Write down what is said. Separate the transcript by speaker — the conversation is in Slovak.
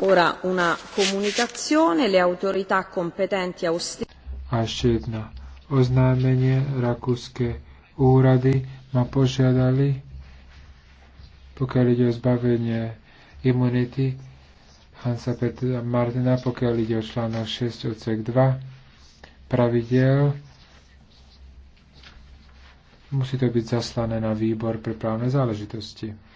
Speaker 1: Ora una comunicazione, le autorità competenti austriache.
Speaker 2: A ešte jedna. oznámenie rakúske úrady ma požiadali, pokiaľ ide o zbavenie imunity Hansa Petra Martina, pokiaľ ide o článok 6 odsek 2 pravidel, musí to byť zaslané na výbor pre právne záležitosti.